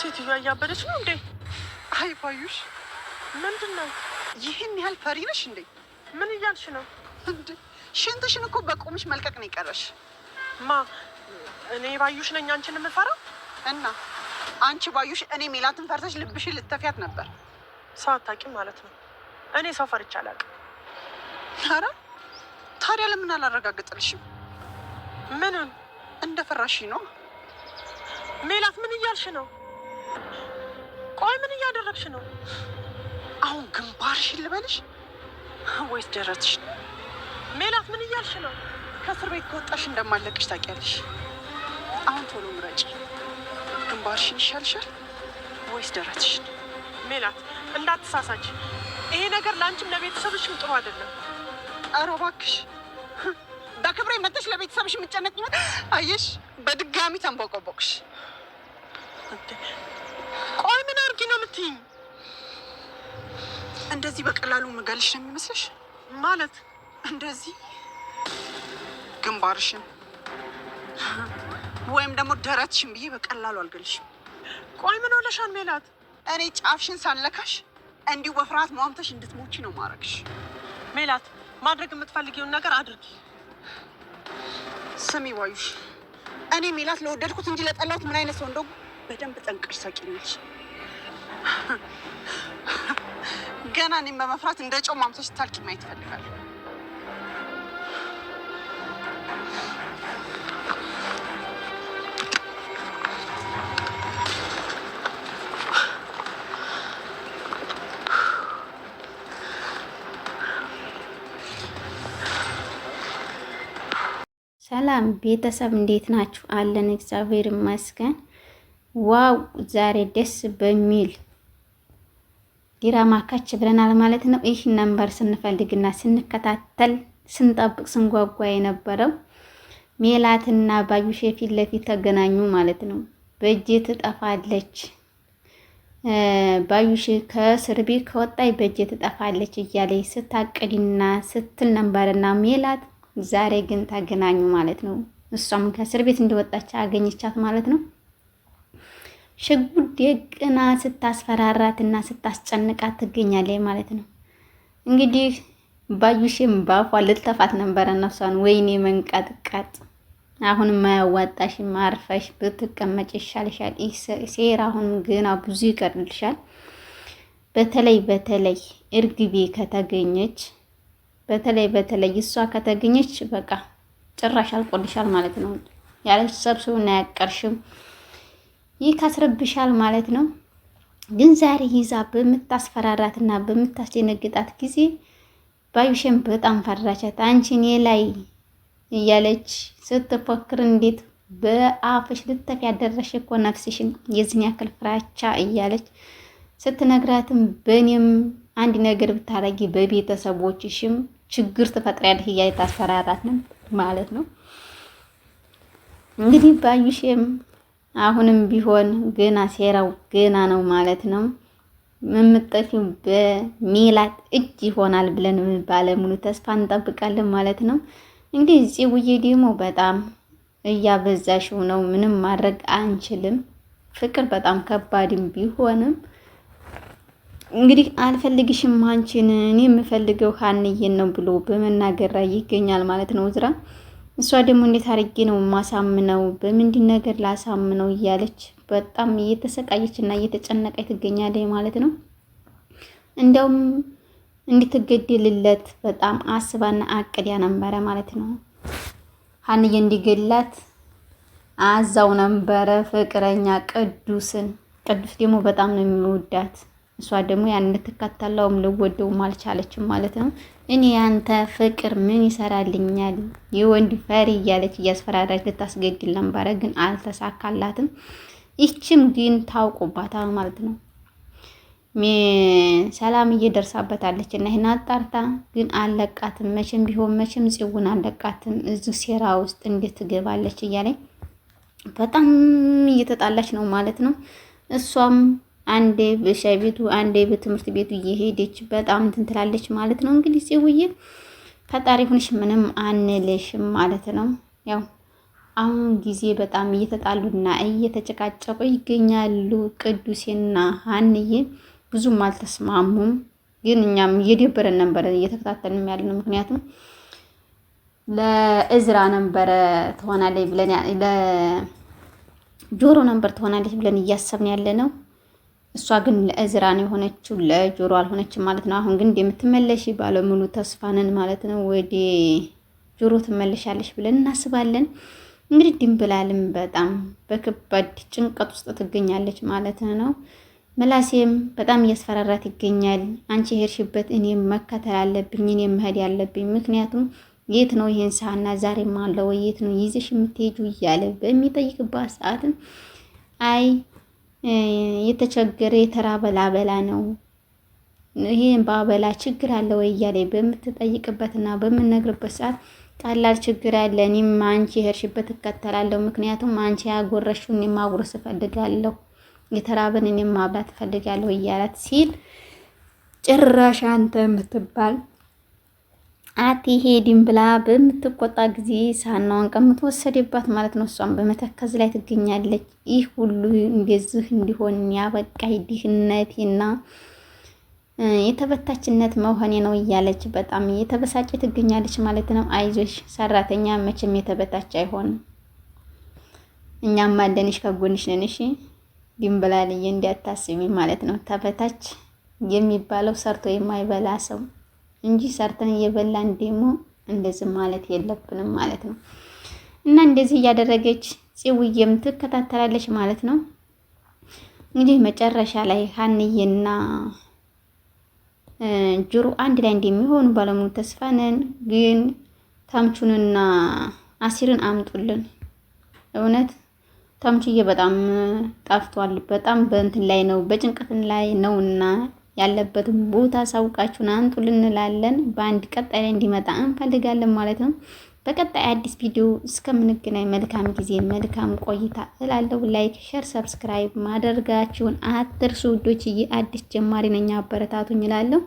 ሴትዮዋ እያበደች ነው እንዴ? አይ ባዩሽ፣ ምንድን ነው ይህን ያህል ፈሪ ነሽ እንዴ? ምን እያልሽ ነው ሽንትሽን እኮ በቁምሽ መልቀቅ ነው የቀረሽ። ማ እኔ ባዩሽ ነኝ አንቺን የምፈራው? እና አንቺ ባዩሽ እኔ ሜላትን ፈርተሽ ልብሽን ልትተፊያት ነበር። ሰው አታውቂም ማለት ነው። እኔ ሰው ፈርቼ አላውቅም። ኧረ ታዲያ ለምን አላረጋግጥልሽም? ምንን እንደፈራሽ ነው ሜላት? ምን እያልሽ ነው? ቆይ ምን እያደረግሽ ነው? አሁን ግንባርሽ ልበልሽ ወይስ ደረትሽ? ሜላት ምን እያልሽ ነው? ከእስር ቤት ከወጣሽ እንደማለቅሽ ታውቂያለሽ። አሁን ቶሎ ምረጭ። ግንባርሽን ይሻልሻል ወይስ ደረትሽ? ሜላት እንዳትሳሳች። ይሄ ነገር ለአንቺም ለቤተሰብሽም ጥሩ አይደለም። ኧረ እባክሽ በክብሬ መተሽ ለቤተሰብሽ የምጨነቅ ይመ አየሽ፣ በድጋሚ ተንቦቆቦቅሽ። ቆይ ምን አርጊ ነው የምትይኝ? እንደዚህ በቀላሉ ምገልሽ ነው የሚመስልሽ? ማለት እንደዚህ ግንባርሽን ወይም ደግሞ ደረትሽን ብዬ በቀላሉ አልገልሽም። ቆይ ምን ሆነሻል ሜላት? እኔ ጫፍሽን ሳለካሽ እንዲሁ በፍርሃት ሟምተሽ እንድትሞቺ ነው ማድረግሽ። ሜላት ማድረግ የምትፈልጊውን ነገር አድርጊ። ስሚ ዋዩሽ፣ እኔ ሜላት ለወደድኩት እንጂ ለጠላሁት ምን አይነት ሰው እንደው በደንብ ጠንቅር ሰቂልች። ገና እኔም በመፍራት እንደ ጮማ አምሶች ታልቂ ማየት እፈልጋለሁ። ሰላም ቤተሰብ እንዴት ናችሁ? አለን እግዚአብሔር ይመስገን። ዋው ዛሬ ደስ በሚል ዲራማ ካች ብለናል ማለት ነው። ይህ ነንበር ስንፈልግና ስንከታተል ስንጠብቅ ስንጓጓ የነበረው ሜላትና ባዩሽ ፊት ለፊት ተገናኙ ማለት ነው። በእጄ ትጠፋለች ባዩሽ ከእስር ቤት ከወጣይ በእጄ ትጠፋለች እያለ ስታቅድና ስትል ነንበርና ሜላት ዛሬ ግን ተገናኙ ማለት ነው። እሷም ከእስር ቤት እንደወጣች አገኘቻት ማለት ነው። ሽጉድ የቅና ስታስፈራራትና ስታስጨንቃት ትገኛለች ማለት ነው። እንግዲህ ባዩሽም ባፏ ልትተፋት ነበረ ነፍሷን። ወይኔ መንቀጥቀጥ፣ አሁን ማያዋጣሽ ማርፈሽ ብትቀመጭ ይሻልሻል። ሴራ አሁን ግና ብዙ ይቀርልሻል። በተለይ በተለይ እርግቤ ከተገኘች በተለይ በተለይ እሷ ከተገኘች በቃ ጭራሽ አልቆልሻል ማለት ነው። ያለ እና ያቀርሽም ይህ ይከስርብሻል ማለት ነው። ግን ዛሬ ይዛ በምታስፈራራት በምታስፈራራትና በምታስደነግጣት ጊዜ ባዩሽን በጣም ፈራቻት። አንቺ አንቺን ላይ እያለች ስትፎክር እንዴት በአፍሽ ልተፍ ያደረሽ እኮ ነፍስሽን የዝን ያክል ፍራቻ እያለች ስትነግራትም በእኔም አንድ ነገር ብታረጊ በቤተሰቦችሽም ችግር ትፈጥሪያለሽ እያለች ታስፈራራትን ማለት ነው። እንግዲህ ባዩሽም አሁንም ቢሆን ገና ሴራው ገና ነው ማለት ነው። የምጠፊው በሜላት እጅ ይሆናል ብለን ባለሙሉ ተስፋ እንጠብቃለን ማለት ነው። እንግዲህ እዚህ ጽውዬ ደግሞ በጣም እያበዛሽው ነው፣ ምንም ማድረግ አንችልም። ፍቅር በጣም ከባድም ቢሆንም እንግዲህ አልፈልግሽም አንቺን እኔ የምፈልገው ሀንዬን ነው ብሎ በመናገር ላይ ይገኛል ማለት ነው ዝራ። እሷ ደግሞ እንዴት አድርጌ ነው ማሳምነው በምንድን ነገር ላሳምነው እያለች በጣም እየተሰቃየች እና እየተጨነቀች ትገኛለች ማለት ነው። እንደውም እንድትገድልለት በጣም አስባና አቅድ ነበረ ማለት ነው። ሀንዬ እንዲገላት አዛው ነበረ ፍቅረኛ ቅዱስን። ቅዱስ ደግሞ በጣም ነው የሚወዳት እሷ ደግሞ ያን ልትከተለውም ልወደውም አልቻለችም ማለት ነው። እኔ ያንተ ፍቅር ምን ይሰራልኛል የወንድ ፈሪ እያለች እያስፈራራች ልታስገድል ነበረ፣ ግን አልተሳካላትም። ይችም ግን ታውቆባታል ማለት ነው። ሰላም እየደርሳበታለች እና ይህን አጣርታ ግን አለቃትም። መቼም ቢሆን መቼም ጽውን አለቃትም። እዚህ ሴራ ውስጥ እንዴት ትገባለች እያለኝ በጣም እየተጣላች ነው ማለት ነው እሷም አንዴ በሻይ ቤቱ አንዴ በትምህርት ቤቱ እየሄደች በጣም እንትን ትላለች ማለት ነው። እንግዲህ ጽውዬ ፈጣሪ ሁንሽ ምንም አንልሽም ማለት ነው። ያው አሁን ጊዜ በጣም እየተጣሉና እየተጨቃጨቁ ይገኛሉ። ቅዱሴና ሀንዬ ብዙም አልተስማሙም። ግን እኛም እየደበረን ነበረ እየተከታተልን ያለነው ምክንያቱም ለእዝራ ነበረ ትሆናለች ብለን ለጆሮ ነበር ትሆናለች ብለን እያሰብን ያለ ነው። እሷ ግን ለእዝራ ነው የሆነችው፣ ለጆሮ አልሆነችም ማለት ነው። አሁን ግን እንደምትመለሽ ባለሙሉ ተስፋንን ማለት ነው ወደ ጆሮ ትመለሻለሽ ብለን እናስባለን። እንግዲህ ድንብላልም በጣም በከባድ ጭንቀት ውስጥ ትገኛለች ማለት ነው። መላሴም በጣም እያስፈራራት ይገኛል። አንቺ ሄድሽበት እኔም መከተል አለብኝ፣ እኔም መሄድ ያለብኝ ምክንያቱም የት ነው ይሄን ሳህና ዛሬም አለ ወይ የት ነው ይዘሽ የምትሄጁ እያለ በሚጠይቅባት ሰዓትም አይ የተቸገረ የተራበ ላበላ ነው ይህን በአበላ ችግር አለ ወይ እያለ በምትጠይቅበትና በምነግርበት ሰዓት ቀላል ችግር አለ፣ እኔም አንቺ የሄድሽበት እከተላለሁ። ምክንያቱም አንቺ ያጎረሽውን እኔም ማጉረስ እፈልጋለሁ፣ የተራበን እኔም ማብላት እፈልጋለሁ እያላት ሲል ጭራሽ አንተ የምትባል አትሄድም ብላ በምትቆጣ ጊዜ ሳናዋን ቀምቶ ወሰደባት ማለት ነው። እሷም በመተከዝ ላይ ትገኛለች። ይህ ሁሉ እንደዚህ እንዲሆን ያበቃኝ ድህነቴና የተበታችነት መሆኔ ነው እያለች በጣም የተበሳጨ ትገኛለች ማለት ነው። አይዞሽ ሰራተኛ መቼም የተበታች አይሆንም፣ እኛም አለንሽ ከጎንሽ ነን። እሺ ድንብላልዬ ማለት ነው። ተበታች የሚባለው ሰርቶ የማይበላ ሰው እንጂ ሰርተን እየበላን ደግሞ እንደዚህ ማለት የለብንም ማለት ነው። እና እንደዚህ እያደረገች ጽውዬም ትከታተላለች ማለት ነው። እንግዲህ መጨረሻ ላይ ሀንዬና ጆሮ አንድ ላይ እንደሚሆኑ ባለሙሉ ተስፋ ነን። ግን ታምቹንና አሲርን አምጡልን። እውነት ታምቹዬ በጣም ጣፍቷል። በጣም በእንትን ላይ ነው፣ በጭንቀትን ላይ ነውና ያለበትን ቦታ ሳውቃችሁን አንጡ ልንላለን። በአንድ ቀጣይ ላይ እንዲመጣ እንፈልጋለን ማለት ነው። በቀጣይ አዲስ ቪዲዮ እስከምንገናኝ መልካም ጊዜ፣ መልካም ቆይታ እላለሁ። ላይክ፣ ሸር፣ ሰብስክራይብ ማድረጋችሁን አትርሱ ውዶችዬ። አዲስ ጀማሪ ነኝ አበረታቱኝ እላለሁ።